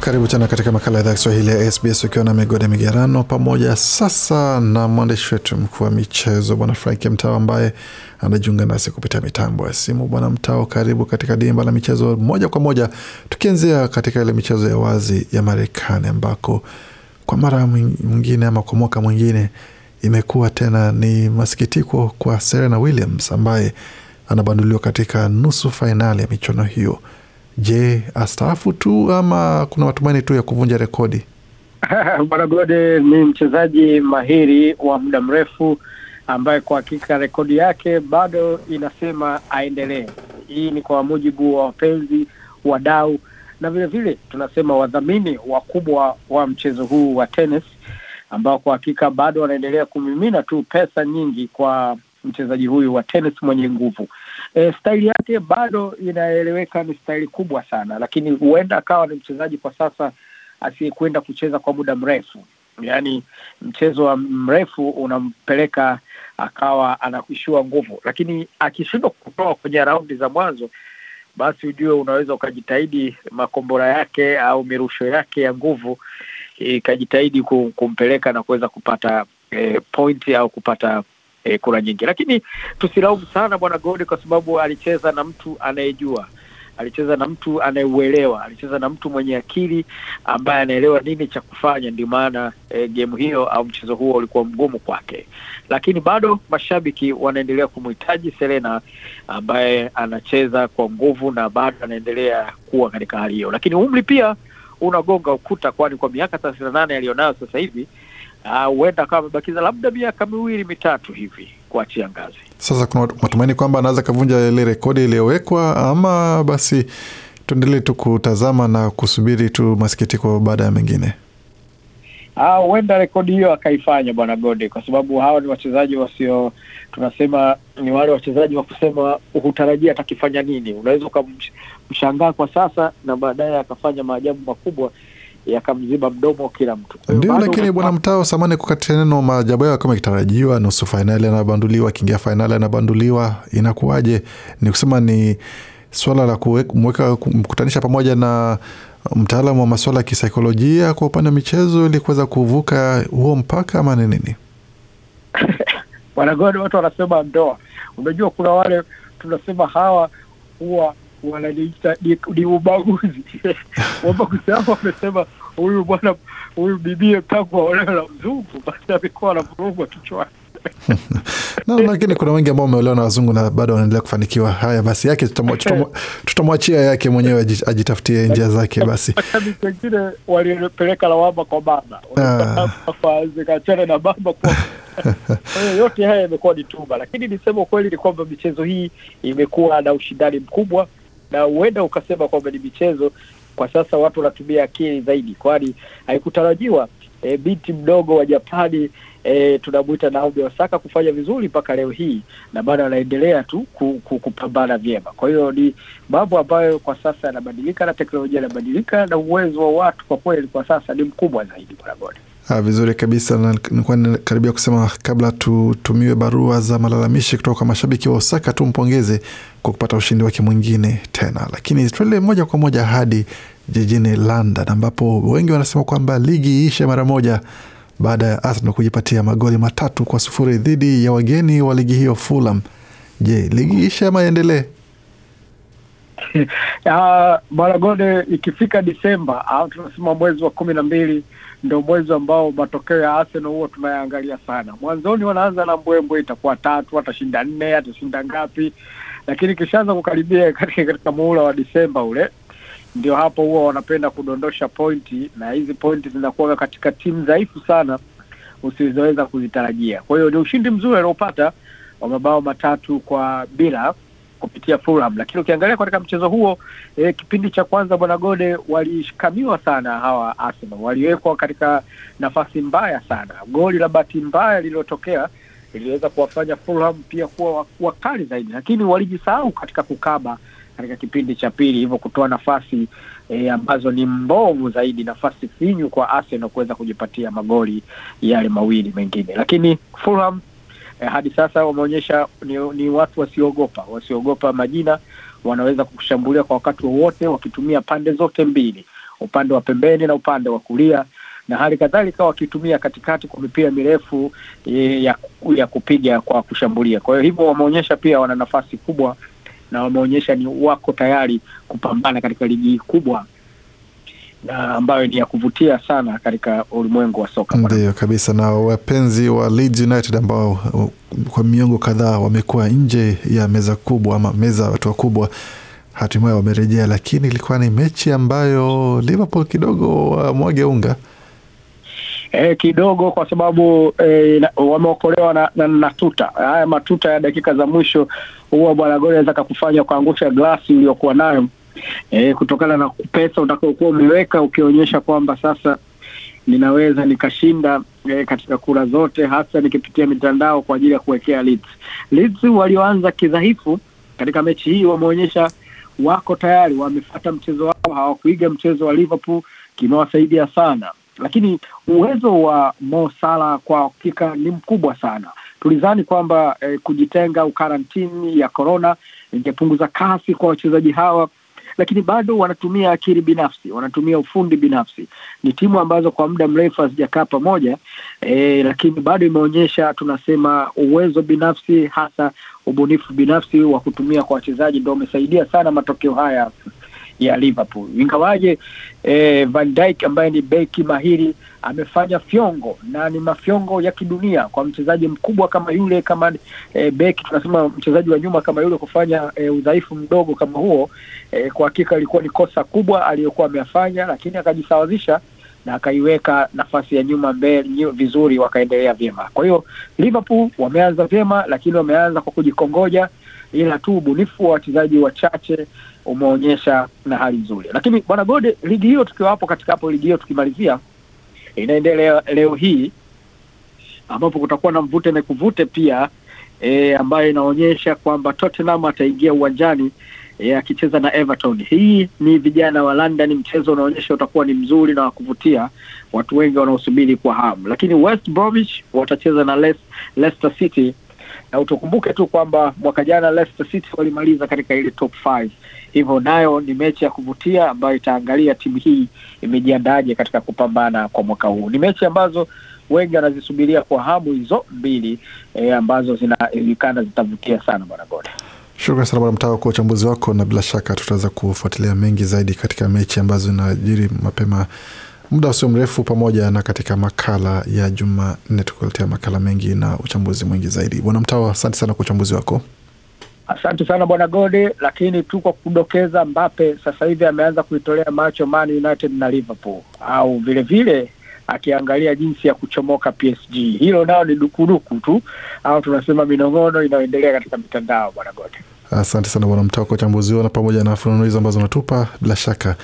Karibu tena katika makala ya idhaa Kiswahili ya SBS ukiwa na migode migerano pamoja sasa na mwandishi wetu mkuu wa michezo Bwana Frank Mtao ambaye anajiunga nasi kupitia mitambo ya simu. Bwana Mtao, karibu katika dimba la michezo moja kwa moja, tukianzia katika ile michezo ya wazi ya Marekani ambako kwa mara mwingine ama kwa mwaka mwingine imekuwa tena ni masikitiko kwa Serena Williams ambaye anabanduliwa katika nusu fainali ya michuano hiyo Je, astaafu tu ama kuna matumaini tu ya kuvunja rekodi? Bwana Gode ni mchezaji mahiri wa muda mrefu ambaye kwa hakika rekodi yake bado inasema aendelee. Hii ni kwa mujibu wa wapenzi, wadau na vilevile vile tunasema wadhamini wakubwa wa mchezo huu wa tenis, ambao kwa hakika bado wanaendelea kumimina tu pesa nyingi kwa mchezaji huyu wa tenis mwenye nguvu e, eh, staili yake bado inaeleweka, ni staili kubwa sana, lakini huenda akawa ni mchezaji kwa sasa asiyekwenda kucheza kwa muda mrefu yaani mchezo wa mrefu unampeleka akawa anakuishua nguvu, lakini akishindwa kutoa kwenye raundi za mwanzo, basi ujue unaweza ukajitahidi makombora yake au mirusho yake ya nguvu ikajitahidi kumpeleka na kuweza kupata eh, pointi au kupata e, eh, kura nyingi, lakini tusilaumu sana bwana Gode kwa sababu alicheza na mtu anayejua alicheza na mtu anayeuelewa, alicheza na mtu mwenye akili ambaye anaelewa nini cha kufanya. Ndio maana eh, e, gemu hiyo au mchezo huo ulikuwa mgumu kwake, lakini bado mashabiki wanaendelea kumhitaji Serena ambaye anacheza kwa nguvu na bado anaendelea kuwa katika hali hiyo, lakini umri pia unagonga ukuta, kwani kwa miaka thelathini na nane aliyonayo sasa hivi Ah, huenda uh, akawa amebakiza labda miaka miwili mitatu hivi kuachia ngazi. Sasa kuna matumaini kwamba anaweza akavunja ile rekodi iliyowekwa, ama basi tuendelee tu kutazama na kusubiri tu masikitiko baada ya mengine. Ah, huenda uh, rekodi hiyo akaifanya Bwana Gode, kwa sababu hawa ni wachezaji wasio, tunasema ni wale wachezaji wa kusema hutarajia atakifanya nini. Unaweza ukamshangaa kwa sasa na baadaye akafanya maajabu makubwa yakamziba mdomo kila mtu. Ndio, lakini Bwana Mtao, samani kukatia neno, maajabu yao kama ikitarajiwa, nusu fainali anabanduliwa, akiingia fainali anabanduliwa, inakuwaje? Ni kusema ni swala la kumweka mkutanisha pamoja na mtaalamu wa masuala ya kisaikolojia kwa upande wa michezo ili kuweza kuvuka huo mpaka ama ni nini? Wanagodi watu wanasema ndoa. Unajua, kuna wale tunasema hawa huwa wanaliita ni ubaguzi. Wabaguzi hao wamesema huyu bwana huyu bibie tangu aolewe na mzungu, basi amekuwa na mrungu kichwani. no, lakini kuna wengi ambao wameolewa na wazungu na bado wanaendelea kufanikiwa. Haya basi, yake tutamwachia yake mwenyewe ajitafutie njia zake. Basi wengine walipeleka lawama kwa baba, zikaachana ah. na baba kwa yote haya yamekuwa ni tuba, lakini nisema ukweli ni kwamba michezo hii imekuwa na ushindani mkubwa na huenda ukasema kwamba ni michezo kwa sasa watu wanatumia akili zaidi, kwani haikutarajiwa e, binti mdogo wa Japani e, eh, tunamwita Naomi Osaka kufanya vizuri mpaka leo hii, na bado anaendelea tu ku, ku, kupambana vyema. Kwa hiyo ni mambo ambayo kwa sasa yanabadilika na teknolojia inabadilika na uwezo wa watu kwa kweli kwa sasa ni mkubwa zaidi. Bwana Ha, ah, vizuri kabisa na nilikuwa nikaribia kusema kabla tutumiwe barua za malalamishi kutoka kwa mashabiki wa Osaka, tumpongeze kwa kupata ushindi wake mwingine tena. Lakini tuende moja kwa moja hadi jijini London ambapo wengi wanasema kwamba ligi iishe mara moja baada ya Arsenal kujipatia magoli matatu kwa sufuri dhidi ya wageni wa ligi hiyo Fulham. Je, ligi iishe ama endelee? mara ah, ikifika Disemba au ah, tunasema mwezi wa kumi na mbili ndio mwezi ambao matokeo ya Arsenal huwa tunayaangalia sana. Mwanzoni wanaanza na mbwembwe, itakuwa tatu, atashinda nne, atashinda ngapi, lakini ikishaanza kukaribia katika muhula wa Disemba ule ndio hapo huwa wanapenda kudondosha pointi, na hizi pointi zinakuwa katika timu dhaifu sana usizoweza kuzitarajia. Kwa hiyo ni ushindi mzuri aliopata wa mabao matatu kwa bila kupitia Fulham, lakini ukiangalia katika mchezo huo e, kipindi cha kwanza bwana Gode, walishikamiwa sana hawa Arsenal, waliwekwa katika nafasi mbaya sana. Goli la bahati mbaya lililotokea iliweza kuwafanya Fulham pia kuwa wakali zaidi, lakini walijisahau katika kukaba katika kipindi cha pili, hivyo kutoa nafasi e, ambazo ni mbovu zaidi, nafasi finyu kwa Arsenal kuweza kujipatia magoli yale mawili mengine, lakini Fulham eh, hadi sasa wameonyesha ni, ni watu wasiogopa, wasiogopa majina, wanaweza kushambulia kwa wakati wowote wakitumia pande zote mbili, upande wa pembeni na upande wa kulia na hali kadhalika wakitumia katikati kwa mipira mirefu eh, ya, ya kupiga kwa kushambulia. Kwa hiyo hivyo wameonyesha pia wana nafasi kubwa na wameonyesha ni wako tayari kupambana katika ligi kubwa ambayo ni ya kuvutia sana katika ulimwengu wa soka. Ndio kabisa, na wapenzi wa Leeds United ambao uh, kwa miongo kadhaa wamekuwa nje ya meza kubwa ama meza watu wakubwa hatimaye wamerejea, lakini ilikuwa ni mechi ambayo Liverpool kidogo wamwage unga E, kidogo kwa sababu e, wameokolewa na, na, na tuta haya matuta ya dakika za mwisho, huwa bwana goli anaweza kakufanya kuangusha glasi iliyokuwa nayo e, kutokana na pesa utakaokuwa umeweka ukionyesha kwamba sasa ninaweza nikashinda e, katika kura zote, hasa nikipitia mitandao kwa ajili ya kuwekea walioanza kidhaifu katika mechi hii wameonyesha wako tayari, wamefata mchezo wao, hawakuiga mchezo wa Liverpool, kimewasaidia sana lakini uwezo wa mosala kwa hakika ni mkubwa sana. tulizani kwamba eh, kujitenga ukarantini ya korona ingepunguza kasi kwa wachezaji hawa, lakini bado wanatumia akili binafsi, wanatumia ufundi binafsi. Ni timu ambazo kwa muda mrefu hazijakaa pamoja e, lakini bado imeonyesha tunasema uwezo binafsi, hasa ubunifu binafsi wa kutumia kwa wachezaji, ndo umesaidia sana matokeo haya ya Liverpool, ingawaje eh, Van Dijk ambaye ni beki mahiri amefanya fyongo na ni mafyongo ya kidunia kwa mchezaji mkubwa kama yule, kama eh, beki tunasema mchezaji wa nyuma kama yule kufanya eh, udhaifu mdogo kama huo eh, kwa hakika ilikuwa ni kosa kubwa aliyokuwa ameyafanya, lakini akajisawazisha na akaiweka nafasi ya nyuma mbele vizuri, wakaendelea vyema. Kwa hiyo Liverpool wameanza vyema, lakini wameanza kwa kujikongoja, ila tu ubunifu wa wachezaji wachache umeonyesha na hali nzuri, lakini bwana Gode, ligi hiyo tukiwa hapo katika hapo ligi hiyo tukimalizia, inaendelea leo hii ambapo kutakuwa na mvute na kuvute pia e, ambayo inaonyesha kwamba Tottenham ataingia uwanjani e, akicheza na Everton. Hii ni vijana wa London, mchezo unaonyesha utakuwa ni mzuri na wa kuvutia, watu wengi wanaosubiri kwa hamu. Lakini West Bromwich watacheza na Leicester City na utukumbuke tu kwamba mwaka jana Leicester City walimaliza katika ile top 5 hivyo nayo ni mechi ya kuvutia ambayo itaangalia timu hii imejiandaje katika kupambana kwa mwaka huu. Ni mechi ambazo wengi wanazisubiria kwa hamu hizo mbili e, ambazo zinajulikana zitavutia sana bwana Gode. Shukran sana bwana Mtawa kwa uchambuzi wako, na bila shaka tutaweza kufuatilia mengi zaidi katika mechi ambazo zinajiri mapema muda usio mrefu, pamoja na katika makala ya Jumanne tukuletea makala mengi na uchambuzi mwingi zaidi. Bwana Mtawa, asante sana kwa uchambuzi wako. Asante sana bwana Gode, lakini tu kwa kudokeza, Mbape sasa hivi ameanza kuitolea macho Man United na Liverpool au vilevile vile, akiangalia jinsi ya kuchomoka PSG. Hilo nao ni dukuduku tu au tunasema minong'ono inayoendelea katika mitandao. Bwana Gode, asante sana bwana Mtao kwa uchambuzi huo na pamoja na fununuizi ambazo unatupa. Bila shaka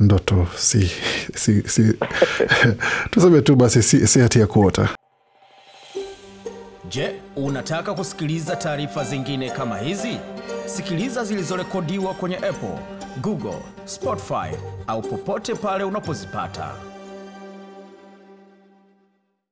ndoto si, si, si tuseme tu basi si, si hati ya kuota. Je, unataka kusikiliza taarifa zingine kama hizi? Sikiliza zilizorekodiwa kwenye Apple, Google, Spotify au popote pale unapozipata.